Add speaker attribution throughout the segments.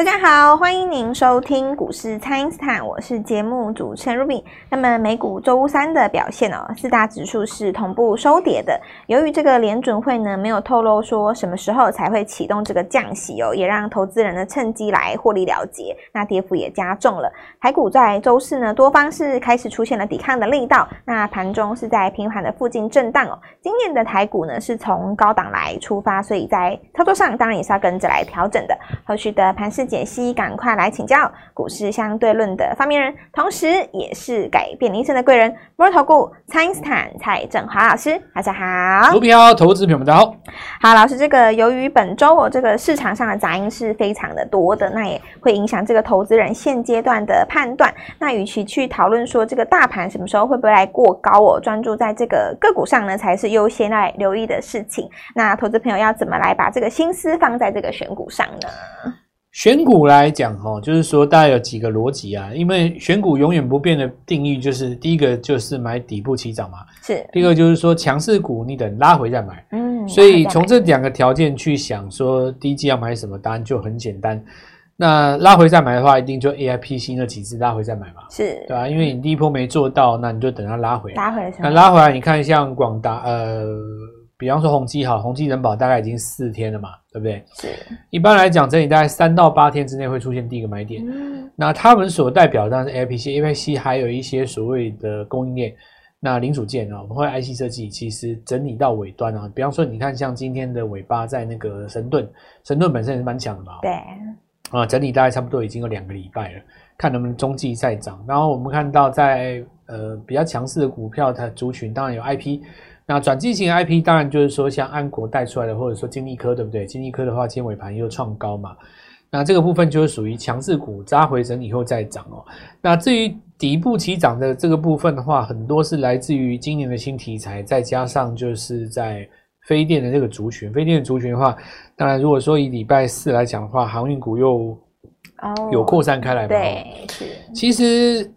Speaker 1: 大家好，歡迎您收聽股市蔡因斯坦，我是節目主持人 Ruby。那麼美股周三的表現哦，四大指數是同步收跌的。由於這個聯準會呢沒有透露說什麼時候才會啟動這個降息哦，也讓投資人呢趁機來獲利了結，那跌幅也加重了。台股在周四呢，多方是開始出現了抵抗的力道，那盤中是在平盤的附近震盪哦。今年的台股呢是從高檔來出發，所以在操作上當然也是要跟着來調整的。後續的盤勢解析，趕快來請教股市相對論的發明人，同時也是改變人生的貴人——摩爾投顧股市蔡因斯坦蔡正華老師，大家好。股票
Speaker 2: 投資朋友們，大家好。好，老
Speaker 1: 師，這個由於本週我、哦、這個市場上的雜音是非常的多的，那也會影響這個投資人現階段的判斷。那與其去討論說這個大盤什麼時候會不會來過高我、哦、專注在這個個股上呢，才是優先來留意的事情。那投資朋友要怎麼來把這個心思放在這個選股上呢？
Speaker 2: 選股來講，哦，就是說大概有幾個邏輯啊。因為選股永遠不變的定義就是，第一個就是買底部起漲嘛。是。第二個就是說強勢股，你等拉回再買。嗯。所以從這兩個條件去想，說第一季要買什麼，答案就很簡單。那拉回再買的話，一定就 A I P 新的幾隻拉回再買嘛。是。對啊，因為你第一波沒做到，那你就等它拉回。拉回什麼？那拉回來，你看像廣達，呃。比方說宏基哈，宏基人保大概已經四天了嘛，對不對？是。一般來講，整理大概三到八天之內會出現第一個買點。嗯。那他們所代表的當然，像是 A P C、A P C，還有一些所謂的供應鏈，那零組件啊，我們會 I C 設計，其實整理到尾端啊，比方說你看，像今天的尾巴在那個神盾，神盾本身也蠻強的嘛。對。啊，整理大概差不多已經有兩個禮拜了。看能不能中繼再漲，然後我們看到在呃比較強勢的股票的族群，當然有 IP，那轉機型 IP 當然就是說像安國帶出來的，或者說晶心科，對不對？晶心科的話，今尾盤又創高嘛，那這個部分就是屬於強勢股扎回整理以後再漲哦。那至於底部起漲的這個部分的話，很多是來自於今年的新題材，再加上就是在非電的這個族群，非電的族群的話，當然如果說以禮拜四來講的話，航運股又。有擴散開來嗎？oh,？對，是。其實，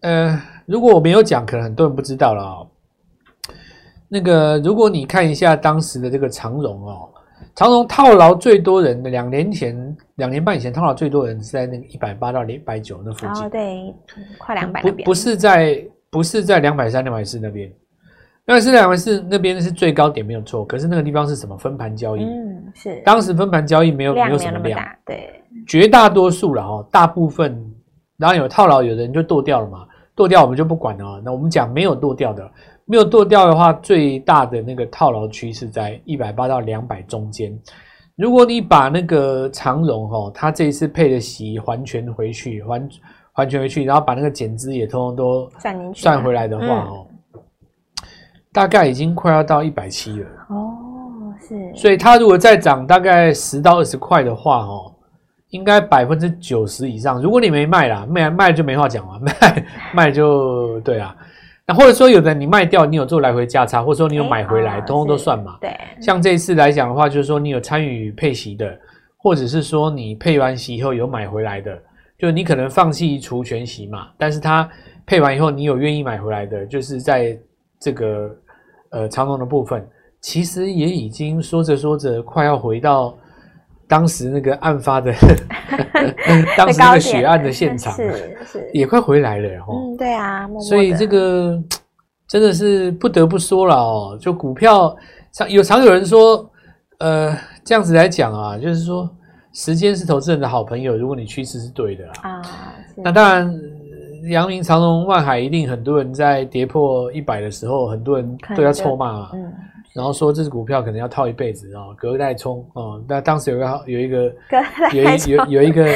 Speaker 2: 呃，如果我沒有講，可能很多人不知道了，哦。那個，如果你看一下當時的這個長榮哦，長榮套牢最多人，兩年前，兩年半以前套牢最多人是在那個一百八到一百九那附近。哦，oh,，
Speaker 1: 對，快兩百。不，不
Speaker 2: 是在，不是在兩百三、兩百四那邊。那是兩個是那邊是最高點沒有錯，可是那個地方是什麼分盤交易？嗯，是當時分盤交易沒有沒有什麼量麼，對，絕大多數了哈，大部分然後有套牢，有的人就剁掉了嘛，剁掉我們就不管了。那我們講沒有剁掉的，沒有剁掉的話，最大的那個套牢區是在一百八到兩百中間。如果你把那個長榮哦、喔，它這一次配的息還權回去，還還權回去，然後把那個減資也通通都算
Speaker 1: 算回來的話哦。
Speaker 2: 大概已經快要到一百七了哦，oh, 是，所以它如果再漲大概十到二十塊的話哦，應該百分之九十以上。如果你沒賣啦，賣賣就沒話講了，賣賣就對啦。那或者說有的你賣掉，你有做來回價差，或者說你有買回來，通、欸、通都，都算嘛。對，像這一次來講的話，就是說你有參與配息的，或者是說你配完息以後有買回來的，就是你可能放棄除權息嘛，但是它配完以後你有願意買回來的，就是在這個。呃，長隆的部分其實也已經說着說着，快要回到當時那個案發的，呵呵當時那個血案的現場 了，是，是也快回來了哈，哦。嗯，
Speaker 1: 對啊，默默所以這個
Speaker 2: 真的是不得不說了哦。就股票常有常有人說，呃，這樣子來講啊，就是說，時間是投資人的好朋友，如果你趨勢是對的啊，啊那當然。嗯陽明、長榮、萬海，一定很多人在跌破一百的時候，很多人都要臭罵嘛、嗯，然後說這只股票可能要套一輩子哦，隔代衝哦、嗯。那當時有個有一個
Speaker 1: 有一有有一個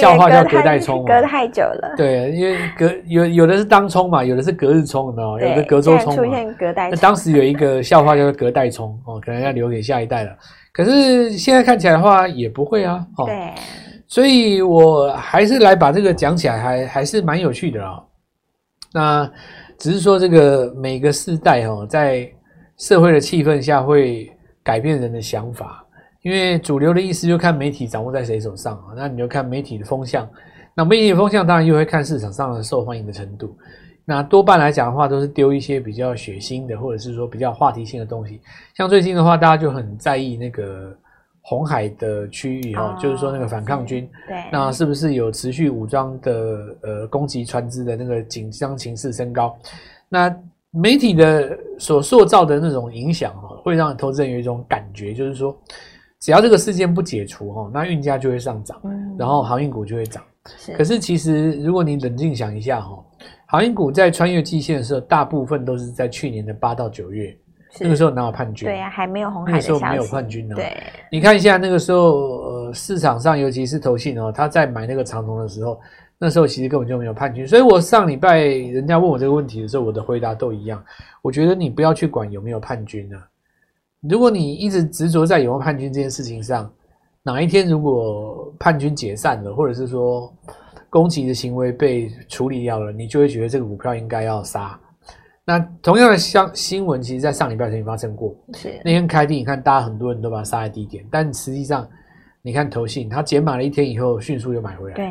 Speaker 1: 笑話叫隔代衝，這個隔，隔太久了。
Speaker 2: 對，因為隔有有的是當沖嘛，有的是隔日沖的哦，有的隔周衝、衝。現在出
Speaker 1: 現隔代沖。那當
Speaker 2: 時有一個笑話叫做隔代沖哦、嗯，可能要留給下一代了。可是現在看起來的話也不會啊。嗯、
Speaker 1: 對。
Speaker 2: 所以我還是來把這個講起來，還，還還是蠻有趣的啊。那只是說，這個每個世代哦，在社會的氣氛下會改變人的想法，因為主流的意思就看媒體掌握在誰手上啊。那你就看媒體的風向，那媒體的風向當然又會看市場上的受歡迎的程度。那多半來講的話，都是丟一些比較血腥的，或者是說比較話題性的東西。像最近的話，大家就很在意那個。紅海的區域哈、哦哦，就是說那個反抗軍對，那是不是有持續武裝的呃攻擊船只的那個緊張情勢升高，那媒體的所塑造的那種影響哈、哦，會讓投資人有一種感覺，就是說只要這個事件不解除哈、哦，那運價就會上漲，嗯、然後航運股就會漲。可是其實如果你冷靜想一下哈、哦，航運股在穿越季線的時候，大部分都是在去年的八到九月。那個時候哪有叛軍啊？對啊，還沒有紅海的消息，那個時候沒有叛軍呢。對，你看一下那個時候，呃，市場上尤其是投信哦，他在買那個長榮的時候，那時候其實根本就沒有叛軍。所以我上禮拜人家問我這個問題的時候，我的回答都一樣。我覺得你不要去管有沒有叛軍啊。如果你一直執着在有沒有叛軍這件事情上，哪一天如果叛軍解散了，或者是說攻擊的行為被處理掉了，你就會覺得這個股票應該要殺。那同樣的像新聞，其實，在上禮拜就已經發生過。是那天開低，你看，大家很多人都把它殺在低點，但實際上，你看投信，它減碼了一天以後，迅速又買回來，對，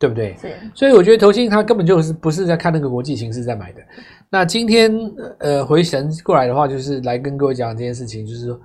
Speaker 2: 對不對？是。所以我覺得投信它根本就是不是在看那個國際形勢在買的。那今天呃，回神過來的話，就是來跟各位講這件事情，就是說，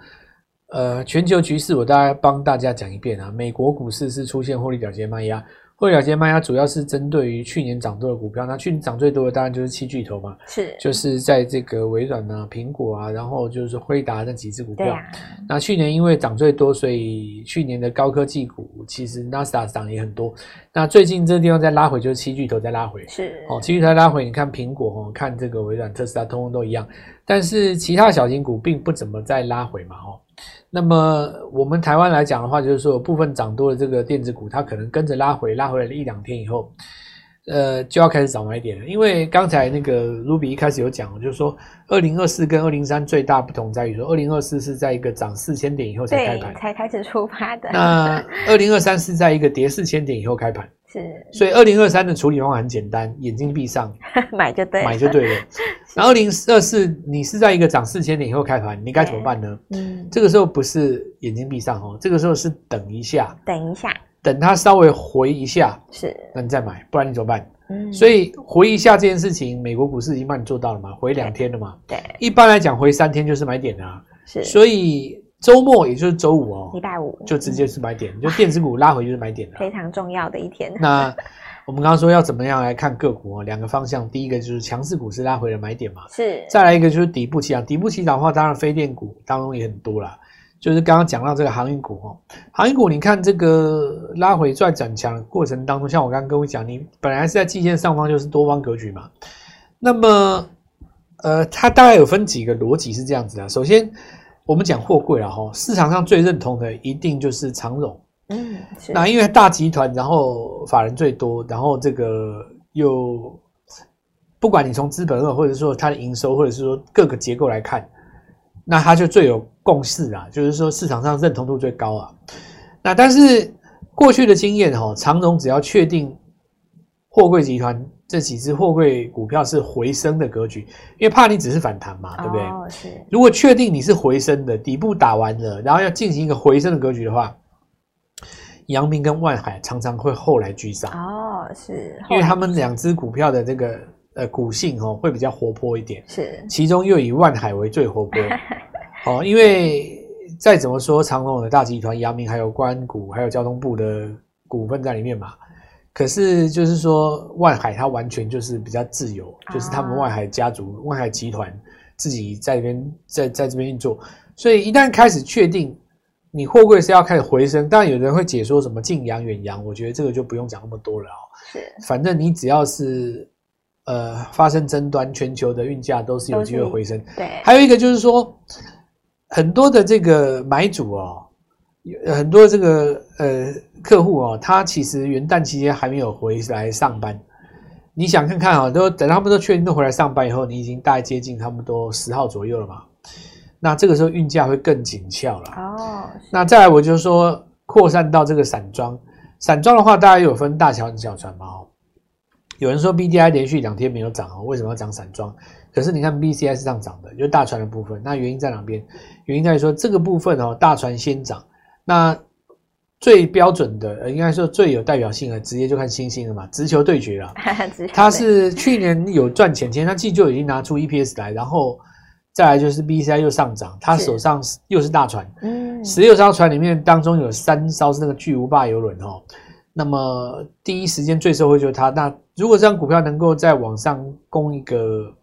Speaker 2: 呃，全球局勢，我大概幫大家講一遍啊。美國股市是出現獲利了結賣壓。會了解賣家主要是針對於去年漲多的股票，那去年漲最多的當然就是七巨頭嘛，是，就是在這個微軟啊、蘋果啊，然後就是說輝達那幾隻股票，啊，那去年因為漲最多，所以去年的高科技股其實納斯達克漲也很多。那最近這個地方在拉回，就是七巨頭在拉回，是哦，七巨頭拉回，你看蘋果哦，看這個微軟、特斯拉，通通都一樣。但是其他小型股並不怎麼再拉回嘛，哦。那麼我們台灣來講的話，就是說部分漲多的這個電子股，它可能跟着拉回，拉回來了一兩天以後。呃，就要開始找買點了，因為剛才那個 Ruby 一開始有講，就是說二零二四跟二零三最大不同在於說，二零二四是在一個漲四千點以後才開盤，對，
Speaker 1: 才開始出發的。那
Speaker 2: 二零二三是在一個跌四千點以後開盤，
Speaker 1: 是。
Speaker 2: 所以二零二三的處理方法很簡單，眼睛閉上，
Speaker 1: 買就對了，買就對
Speaker 2: 了。然後二零二四，你是在一個漲四千點以後開盤，你該怎麼辦呢？嗯，這個時候不是眼睛閉上哦，這個時候是等一下，
Speaker 1: 等一下。
Speaker 2: 等它稍微回一下，是，那你再買，不然你怎麼辦？嗯，所以回一下這件事情，美國股市已經幫你做到了嘛，回兩天了嘛。對，對一般來講回三天就是買點啦。是。所以周末也就是周五哦、喔，
Speaker 1: 禮拜五就直接
Speaker 2: 是買點、嗯，就電子股拉回就是買點了，
Speaker 1: 非常重要的一天。那
Speaker 2: 我們剛剛說要怎麼樣來看個股哦、喔，兩個方向， 第一個就是強勢股是拉回的買點嘛，是。再來一個就是底部起漲，底部起漲的話，當然非電股當中也很多了。就是剛剛講到這個航運股哦，航運股你看這個拉回再轉強的過程當中，像我剛剛跟我講，你本來是在季線上方，就是多方格局嘛。那麼，呃，它大概有分幾個邏輯是這樣子的。首先，我們講貨櫃了哈、哦，市場上最認同的一定就是長榮。嗯，那因為大集團，然後法人最多，然後這個又不管你從資本額，或者說它的營收，或者是說各個結構來看。那他就最有共識啊，就是說市場上認同度最高啊。那但是過去的經驗哈，長榮只要確定貨櫃集團這幾只貨櫃股票是回升的格局，因為怕你只是反彈嘛，對不對？哦，是。如果確定你是回升的，底部打完了，然後要進行一個回升的格局的話，陽明跟萬海常常會後來居上。哦，是。因為他們兩只股票的這個。呃，股性哦會比較活潑一點，是其中又以萬海為最活潑， 哦，因為再怎麼說長榮的大集團、陽明還有官股，還有交通部的股份在裡面嘛。可是就是說萬海它完全就是比較自由，就是他們萬海家族、哦、萬海集團自己在這邊在在這邊運作，所以一旦開始確定你貨櫃是要開始回升，當然有人會解說什麼近洋遠洋，我覺得這個就不用講那麼多了、哦、是，反正你只要是。呃，發生爭端，全球的運價都是有機會回升。對，還有一個就是說，很多的這個買主哦，很多這個呃客戶哦，他其實元旦期間還沒有回來上班。你想看看啊、哦，都等他們都確定回來上班以後，你已經大概接近他們都十號左右了嘛。那這個時候運價會更緊俏了。哦，那再來我就說擴散到這個散裝，散裝的話，大家有分大船小船嗎？哦。有人說 B D I 連續兩天沒有漲哦，為什麼要漲散裝？可是你看 B C I 是上漲的，就是大船的部分。那原因在哪邊？原因在於說這個部分哦，大船先漲。那最標準的，應該說最有代表性的，直接就看星星了嘛，直球對決了。它是去年有賺錢錢，它自就已經拿出 E P S 來，然後再來就是 B C I 又上漲，它手上又是大船，十六、嗯、艘船裡面當中有三艘是那個巨無霸遊輪哦。那麼第一時間最受惠就是它。那如果這張股票能夠再往上攻一個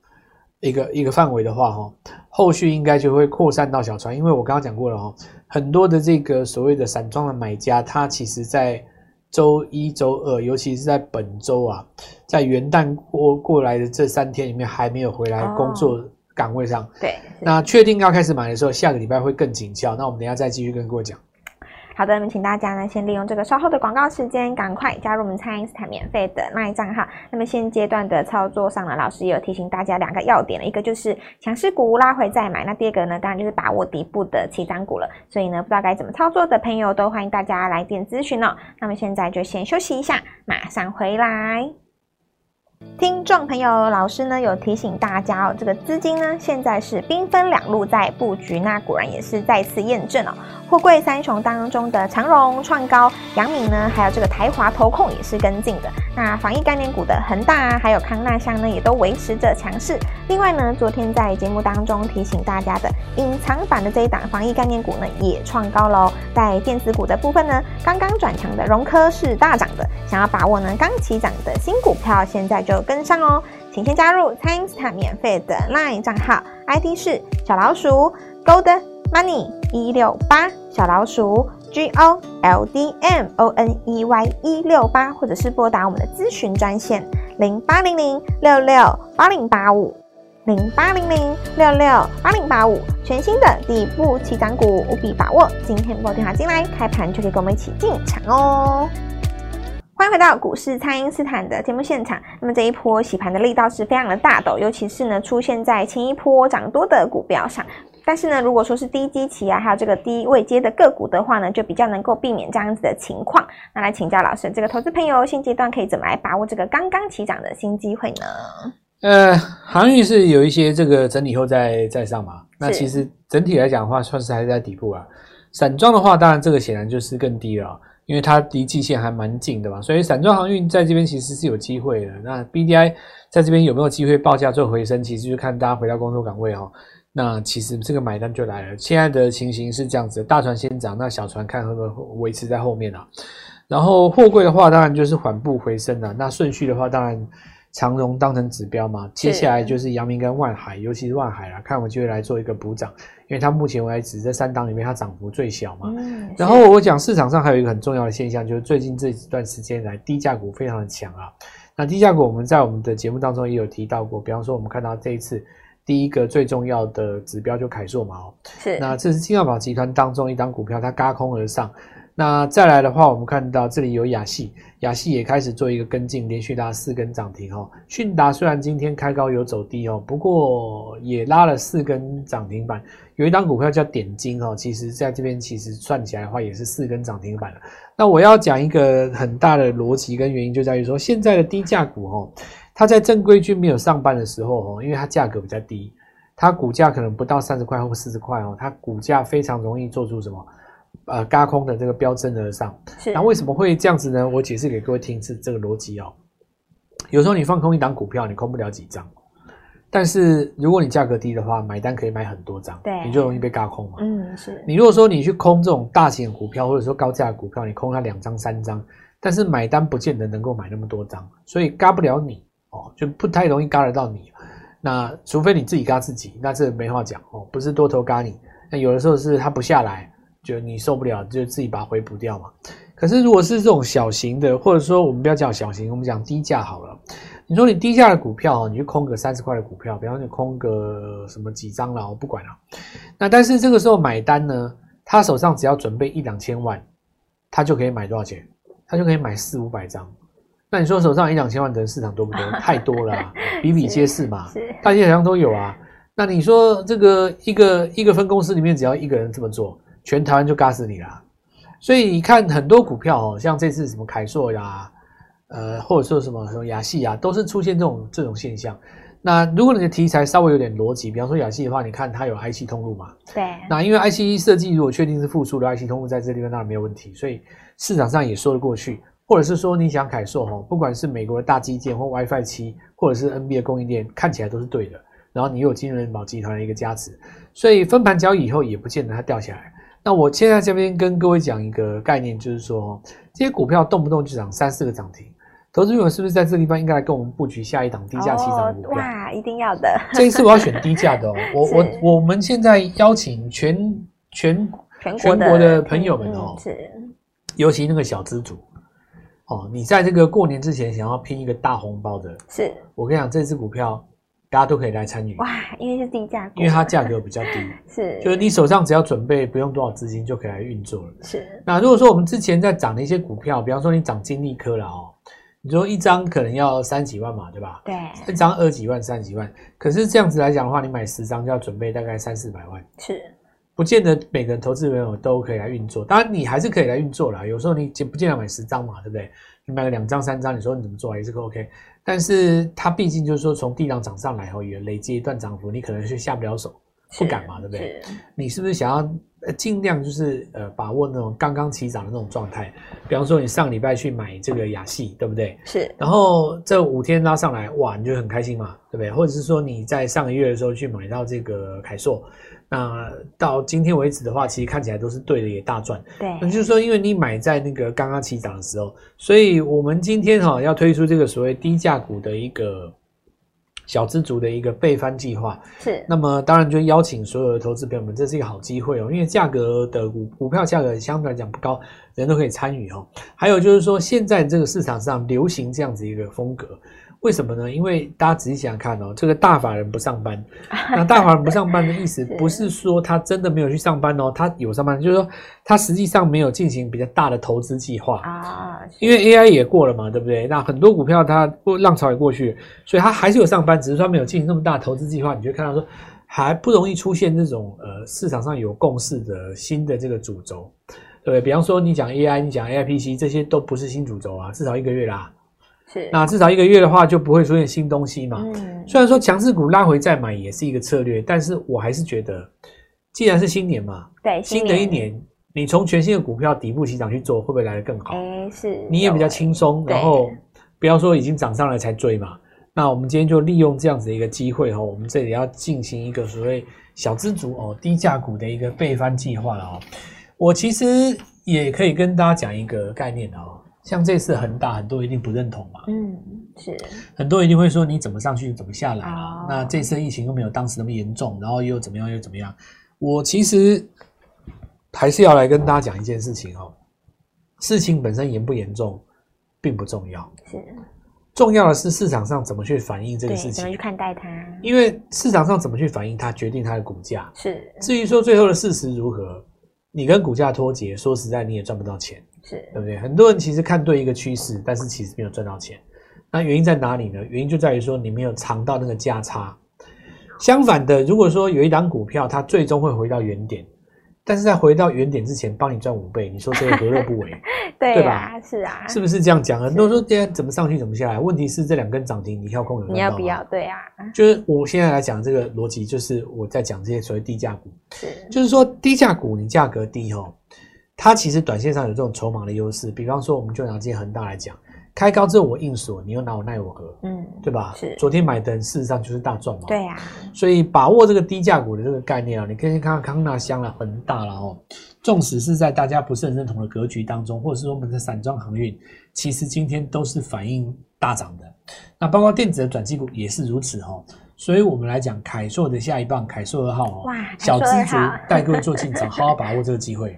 Speaker 2: 一個一個範圍的話，哈，後續應該就會擴散到小船。因為我剛剛講過了，哈，很多的這個所謂的散裝的買家，他其實在周一周二，尤其是在本周啊，在元旦過過來的這三天裡面，還沒有回來工作崗位上、哦。對。那確定要開始買的時候，下個禮拜會更緊俏。那我們等下再繼續跟各位講。
Speaker 1: 好的，那麼請大家呢，先利用這個稍後的廣告時間，趕快加入我們蔡因斯坦免費的 LINE@ 帳號。那麼現階段的操作上呢，老師也有提醒大家兩個要點了，一個就是強勢股拉回再買，那第二個呢，當然就是把握底部的起漲股了。所以呢，不知道該怎麼操作的朋友，都歡迎大家來電諮詢哦。那麼現在就先休息一下，馬上回來。聽眾朋友，老師呢有提醒大家哦，這個資金呢現在是兵分兩路在布局，那果然也是再次驗證哦。貨櫃三雄當中的長榮創高、陽明呢，還有這個台華投控也是跟進的。那防疫概念股的恆大啊，還有康那香呢，也都維持着強勢。另外呢，昨天在節目當中提醒大家的隱藏版的這一檔防疫概念股呢也創高了、哦。在電子股的部分呢，剛剛轉強的榮科是大漲的，想要把握呢剛起漲的新股票，現在就。有跟上哦，請先加入蔡因斯坦免費的 LINE 賬號，ID 是小老鼠 Gold Money 一六八，小老鼠 G O L D M O N E Y 一六八，或者是撥打我們的諮詢專線零八零零六六八零八五零八零零六六八零八五，全新的底部起漲股務必把握，今天撥電話進來開盤就可以跟我們一起進場哦。歡迎回到股市蔡因斯坦的節目現場。那麼這一波洗盤的力道是非常的大陡，尤其是呢，出現在前一波漲多的股票上。但是呢，如果說是低基期啊，還有這個低位接的個股的話呢，就比較能夠避免這樣子的情況。那來請教老師，這個投資朋友現階段可以怎麼來把握這個剛剛起漲的新機會呢？
Speaker 2: 呃，航運是有一些這個整理後再再上嘛。那其實整體來講的話，算是還在底部啊。散裝的話，當然這個顯然就是更低了。因為它離季線還蠻近的嘛，所以散裝航運在這邊其實是有機會的。那 BDI 在這邊有沒有機會報價做回升？其實就看大家回到工作崗位哈、哦。那其實這個買單就來了。現在的情形是這樣子，大船先漲，那小船看會不會維持在後面啊。然後貨櫃的話，當然就是緩步回升了、啊。那順序的話，當然。長榮當成指標嘛，接下來就是陽明跟萬海，尤其是萬海啦，看我們就會來做一個補漲，因為它目前為止這三檔裡面它漲幅最小嘛。嗯。然後我講市場上還有一個很重要的現象，就是最近這幾段時間來低價股非常的強啊。那低價股我們在我們的節目當中也有提到過，比方說我們看到這一次第一個最重要的指標就凱碩嘛是。那這是金耀寶集團當中一檔股票，它軋空而上。那再來的話，我們看到這裡有亞系，亞系也開始做一個跟進，連續拉四根漲停哦。迅達雖然今天開高有走低哦，不過也拉了四根漲停板。有一檔股票叫點晶哦，其實在這邊其實算起來的話也是四根漲停板了。那我要講一個很大的邏輯跟原因，就在於說現在的低價股哦，它在正規軍沒有上班的時候哦，因為它價格比較低，它股價可能不到三十塊或四十塊哦，它股價非常容易做出什麼。呃，軋空的這個飆升而上，那為什麼會這樣子呢？我解釋給各位聽是這個邏輯哦。有時候你放空一檔股票，你空不了幾張，但是如果你價格低的話，買單可以買很多張，對，你就容易被軋空嘛。嗯，是你如果說你去空這種大型股票或者說高價股票，你空它兩張三張，但是買單不見得能夠買那麼多張，所以軋不了你哦、喔，就不太容易軋得到你。那除非你自己軋自己，那是沒話講哦、喔，不是多頭軋你。那有的時候是他不下來。就你受不了，就自己把它回補掉嘛。可是如果是這種小型的，或者說我們不要講小型，我們講低價好了。你說你低價的股票、喔、你去空個三十塊的股票，比方說你空個什麼幾張了，我不管了。那但是這個時候買單呢，他手上只要準備一兩千萬，他就可以買多少錢？他就可以買四五百張。那你說手上一兩千萬的市場多不多？太多了、啊， 比比皆是嘛，是大家好像都有啊。那你說這個一個一個分公司裡面，只要一個人這麼做。全台灣就嘎死你啦、啊！所以你看很多股票哦、喔，像這次什麼凱碩呀，呃，或者說什麼什麼雅細啊，都是出現這種這種現象。那如果你的題材稍微有點邏輯，比方說雅細的話，你看它有 I C 通路嘛？對。那因為 I C 設計如果確定是復甦的，I C 通路在這地方當然沒有問題，所以市場上也說得過去。或者是說你想凱碩哦，不管是美國的大基建或 WiFi 七，或者是 N B A 供應鏈，看起來都是對的。然後你又有金仁寶集團的一個加持，所以分盤交易以後也不見得它掉下來。那我現在，在這邊跟各位講一個概念，就是說這些股票動不動就漲三四個漲停，投資朋友是不是在這個地方應該來跟我們布局下一檔低價期漲股
Speaker 1: 票、哦？哇，一定要的！ 這一次我要選
Speaker 2: 低價的哦。我我我們現在邀請全全
Speaker 1: 全國的朋友們哦，嗯、
Speaker 2: 尤其那個小資族哦，你在這個過年之前想要拼一個大紅包的，是，我跟你講，這支股票。大家都可以來參與
Speaker 1: 哇，因為是
Speaker 2: 低價，因為它價格比較低， 是，就是你手上只要準備不用多少資金就可以來運作了。是，那如果說我們之前在漲的一些股票，比方說你漲金麗科了哦，喔，你說一張可能要三幾萬嘛，對吧？對，一張二幾萬、三幾萬，可是這樣子來講的話，你買十張就要準備大概三四百萬，是，不見得每個投資人都可以來運作，當然你還是可以來運作了，有時候你不見得買十張嘛，對不對？你買個兩張、三張，你說你怎麼做也是個 OK。但是它畢竟就是說，從地上漲上來後、喔，也累積一段漲幅，你可能是下不了手，不敢嘛，對不對？你是不是想要呃盡量就是呃把握那種剛剛起漲的那種狀態？比方說你上禮拜去買這個雅戲、嗯，對不對？
Speaker 1: 是。然後
Speaker 2: 這五天拉上來，哇，你就很開心嘛，對不對？或者是說你在上個月的時候去買到這個凱碩。那到今天為止的話，其實看起來都是對的，也大賺。對，那就是說，因為你買在那個剛剛起漲的時候，所以我們今天哈、啊、要推出這個所謂低價股的一個小資族的一個倍翻計劃。是，那麼當然就邀請所有的投資朋友們，這是一個好機會哦，因為價格的股股票價格相對來講不高，人都可以參與哦。還有就是說，現在這個市場上流行這樣子一個風格。為什麼呢？因為大家仔細想看哦，這個大法人不上班，那大法人不上班的意思，不是說他真的沒有去上班哦， 他有上班，就是說他實際上沒有進行比較大的投資計劃啊。因為 AI 也過了嘛，對不對？那很多股票它不浪潮也過去，所以它還是有上班，只是說他沒有進行那麼大的投資計劃。你就看到說，還不容易出現這種呃市場上有共識的新的這個主軸，對，比方說你講 AI，你講 AIPC 這些都不是新主軸啊，至少一個月啦。是，那至少一個月的話，就不會出現新東西嘛。嗯，雖然說強勢股拉回再買也是一個策略，但是我還是覺得，既然是新年嘛，對新的一年，年你從全新的股票底部起漲去做，會不會來得更好？
Speaker 1: 哎、欸，是，你也比
Speaker 2: 較輕鬆。然後不要說已經漲上來才追嘛。那我們今天就利用這樣子的一個機會哦，我們這裡要進行一個所謂小資族哦低價股的一個倍翻計劃了哦。我其實也可以跟大家講一個概念哦。像這次恆大，很多人一定不認同
Speaker 1: 嘛。嗯，是。
Speaker 2: 很多人一定會說你怎麼上去，怎麼下來啊？那這次疫情又沒有當時那麼嚴重，然後又怎麼樣，又怎麼樣？我其實還是要來跟大家講一件事情哦。事情本身嚴不嚴重，並不重要。是。重要的是市場上怎麼去反映這個事情，
Speaker 1: 怎麼去看待它。因
Speaker 2: 為市場上怎麼去反映它，決定它的股價。是。至於說最後的事實如何？你跟股價脫節，說實在，你也賺不到錢，是，對不對？很多人其實看對一個趨勢，但是其實沒有賺到錢，那原因在哪裡呢？原因就在於說你沒有嘗到那個價差。相反的，如果說有一檔股票，它最終會回到原點。但是在回到原點之前，幫你賺五倍，你說這個何樂不為
Speaker 1: 對、啊？對吧？是啊，是不是
Speaker 2: 這樣講？很多人說，今天怎麼上去怎麼下來？問題是這兩根漲停，你跳空有沒有？你要不
Speaker 1: 要？對啊，就
Speaker 2: 是我現在來講這個邏輯，就是我在講這些所謂低價股是，就是說低價股，你價格低哦，它其實短線上有這種籌碼的優勢。比方說，我們就拿這些恆大來講。開高之後我硬鎖，你又拿我奈我何？嗯，對吧？是昨天買的，事實上就是大賺嘛。對呀、啊，所以把握這個低價股的這個概念啊，你可以看看康那香了，很大了哦。縱使是在大家不是很認同的格局當中，或者是說我們的散裝航運，其實今天都是反應大漲的。那包括電子的轉機股也是如此哦。所以我們來講凱碩的下一棒，凱碩二號、哦、哇
Speaker 1: 小資族，帶各位做
Speaker 2: 進場， 好好把握這個機會。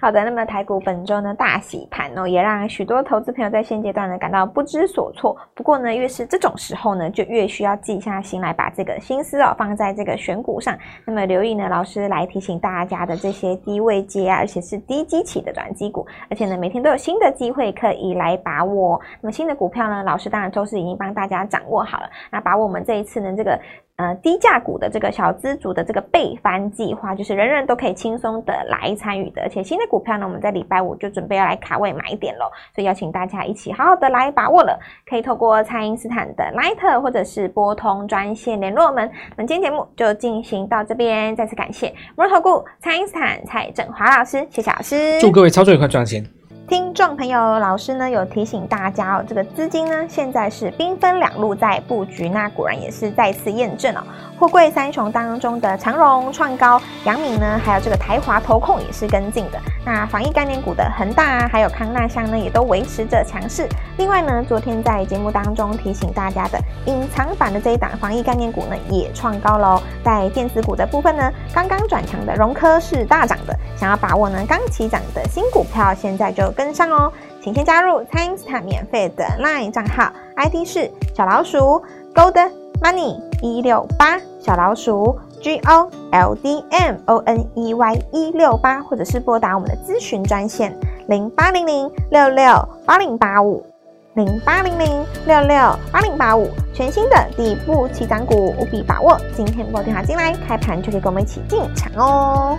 Speaker 1: 好的，那麼台股本周呢大洗盤哦，也讓許多投資朋友在現階段呢感到不知所措。不過呢，越是這種時候呢，就越需要靜下心來，把這個心思哦放在這個選股上。那麼，留意呢，老師來提醒大家的這些低位階啊，而且是低基期的轉機股，而且呢，每天都有新的機會可以來把握哦。那麼，新的股票呢，老師當然都是已經幫大家掌握好了。那把我們這一次呢，這個。呃，低價股的這個小資族的這個倍翻計劃，就是人人都可以輕鬆的來參與的，而且新的股票呢，我們在禮拜五就準備要來卡位買一點嘍，所以邀請大家一起好好的來把握了。可以透過蔡因斯坦的 Line 或者是撥通專線聯絡門我們。本期節目就進行到這邊，再次感謝摩爾投顧蔡因斯坦蔡正華老師，謝謝老師，祝各位操
Speaker 2: 作愉快，賺錢。
Speaker 1: 聽眾朋友，老師呢，有提醒大家哦，這個資金呢，現在是兵分兩路在布局，那果然也是再次驗證了。貨櫃三雄當中的長榮創高、陽明呢，還有這個台華投控也是跟進的。那防疫概念股的恆大，啊，還有康那香呢，也都維持着強勢。另外呢，昨天在節目當中提醒大家的隱藏版的這一檔防疫概念股呢，也創高咯、哦。在電子股的部分呢，剛剛轉強的融科是大漲的。想要把握呢剛起漲的新股票，現在就跟上哦，請先加入蔡因斯坦免費的 LINE 賬號，ID 是小老鼠 Gold。Go Money 一六八小老鼠 G O L D M O N E Y 一六八，或者是撥打我們的諮詢專線零八零零六六八零八五零八零零六六八零八五，0800668085, 0800668085, 全新的底部起漲股務必把握，今天撥電話進來，開盤就可以跟我們一起進場哦。